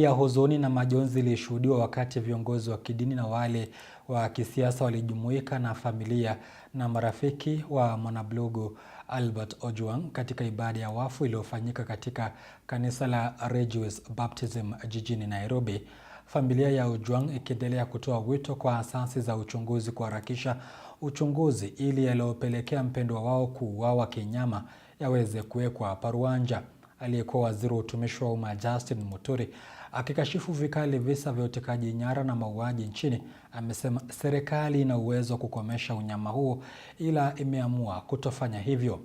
ya huzuni na majonzi ilishuhudiwa wakati viongozi wa kidini na wale wa kisiasa walijumuika na familia na marafiki wa mwanablogu Albert Ojwang katika ibada ya wafu iliyofanyika katika kanisa la Regius Baptism jijini Nairobi. Familia ya Ojwang ikiendelea kutoa wito kwa asasi za uchunguzi kuharakisha uchunguzi ili yaliyopelekea mpendwa wao kuuawa kinyama yaweze kuwekwa paruanja. Aliyekuwa waziri wa utumishi wa umma Justin Muturi Akikashifu vikali visa vya utekaji nyara na mauaji nchini, amesema serikali ina uwezo wa kukomesha unyama huo ila imeamua kutofanya hivyo.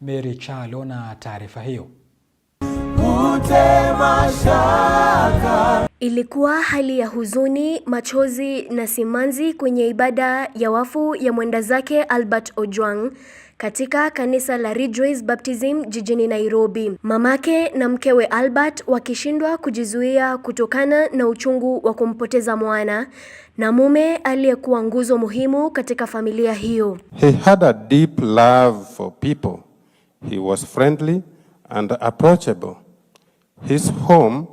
Mary Kyalo na taarifa hiyo. Ilikuwa hali ya huzuni, machozi na simanzi kwenye ibada ya wafu ya mwenda zake Albert Ojwang katika kanisa la Ridgeways Baptism jijini Nairobi. Mamake na mkewe Albert wakishindwa kujizuia kutokana na uchungu wa kumpoteza mwana na mume aliyekuwa nguzo muhimu katika familia hiyo. He had a deep love for people. He was friendly and approachable. His home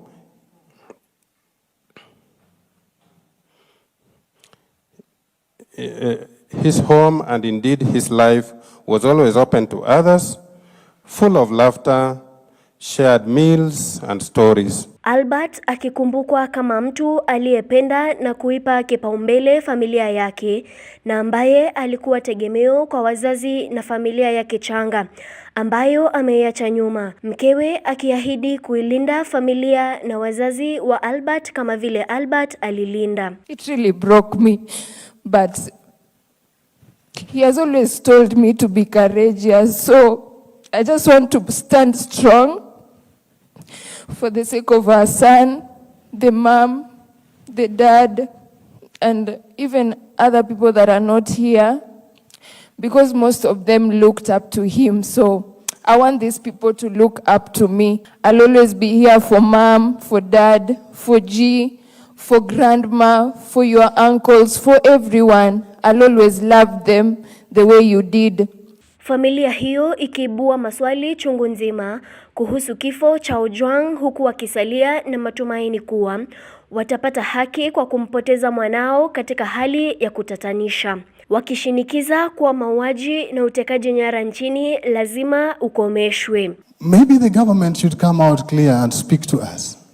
uh, his home and indeed his life was always open to others, full of laughter, shared meals and stories. Albert akikumbukwa kama mtu aliyependa na kuipa kipaumbele familia yake na ambaye alikuwa tegemeo kwa wazazi na familia yake changa ambayo ameiacha nyuma, mkewe akiahidi kuilinda familia na wazazi wa Albert kama vile Albert alilinda. It really broke me, but He has always told me to be courageous. So I just want to stand strong for the sake of our son, the mom, the dad, and even other people that are not here, because most of them looked up to him. So I want these people to look up to me. I'll always be here for mom, for dad, for G, for grandma, for your uncles, for everyone. I'll always love them the way you did. Familia hiyo ikiibua maswali chungu nzima kuhusu kifo cha Ojwang huku wakisalia na matumaini kuwa watapata haki kwa kumpoteza mwanao katika hali ya kutatanisha, wakishinikiza kuwa mauaji na utekaji nyara nchini lazima ukomeshwe. Maybe the government should come out clear and speak to us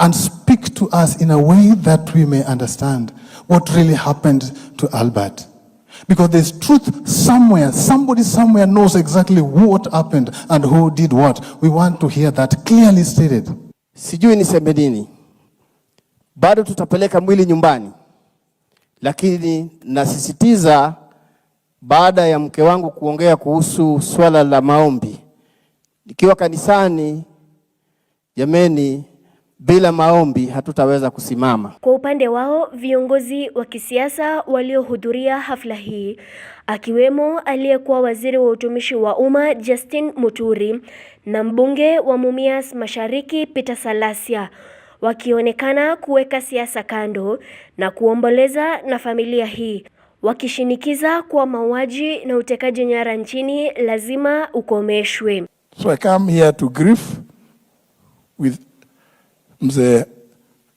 and speak to us in a way that we may understand what really happened to Albert. Because there's truth somewhere. Somebody somewhere knows exactly what happened and who did what. We want to hear that clearly stated. Sijui niseme nini. Bado tutapeleka mwili nyumbani. Lakini nasisitiza baada ya mke wangu kuongea kuhusu swala la maombi. Nikiwa kanisani, jameni bila maombi hatutaweza kusimama. Kwa upande wao, viongozi wa kisiasa waliohudhuria hafla hii akiwemo aliyekuwa waziri wa utumishi wa umma Justin Muturi na mbunge wa Mumias Mashariki Peter Salasya wakionekana kuweka siasa kando na kuomboleza na familia hii wakishinikiza kuwa mauaji na utekaji nyara nchini lazima ukomeshwe. So I come here to grieve with Mzee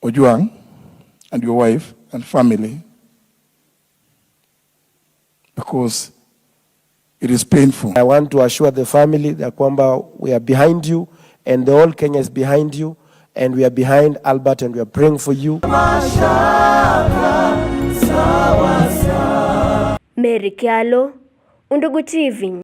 Ojuang and your wife and family because it is painful. I want to assure the family that kwamba we are behind you and the whole Kenya is behind you and we are behind Albert and we are praying for you. Mashaka, sawa, sawa. Mary Kyalo, Undugu TV.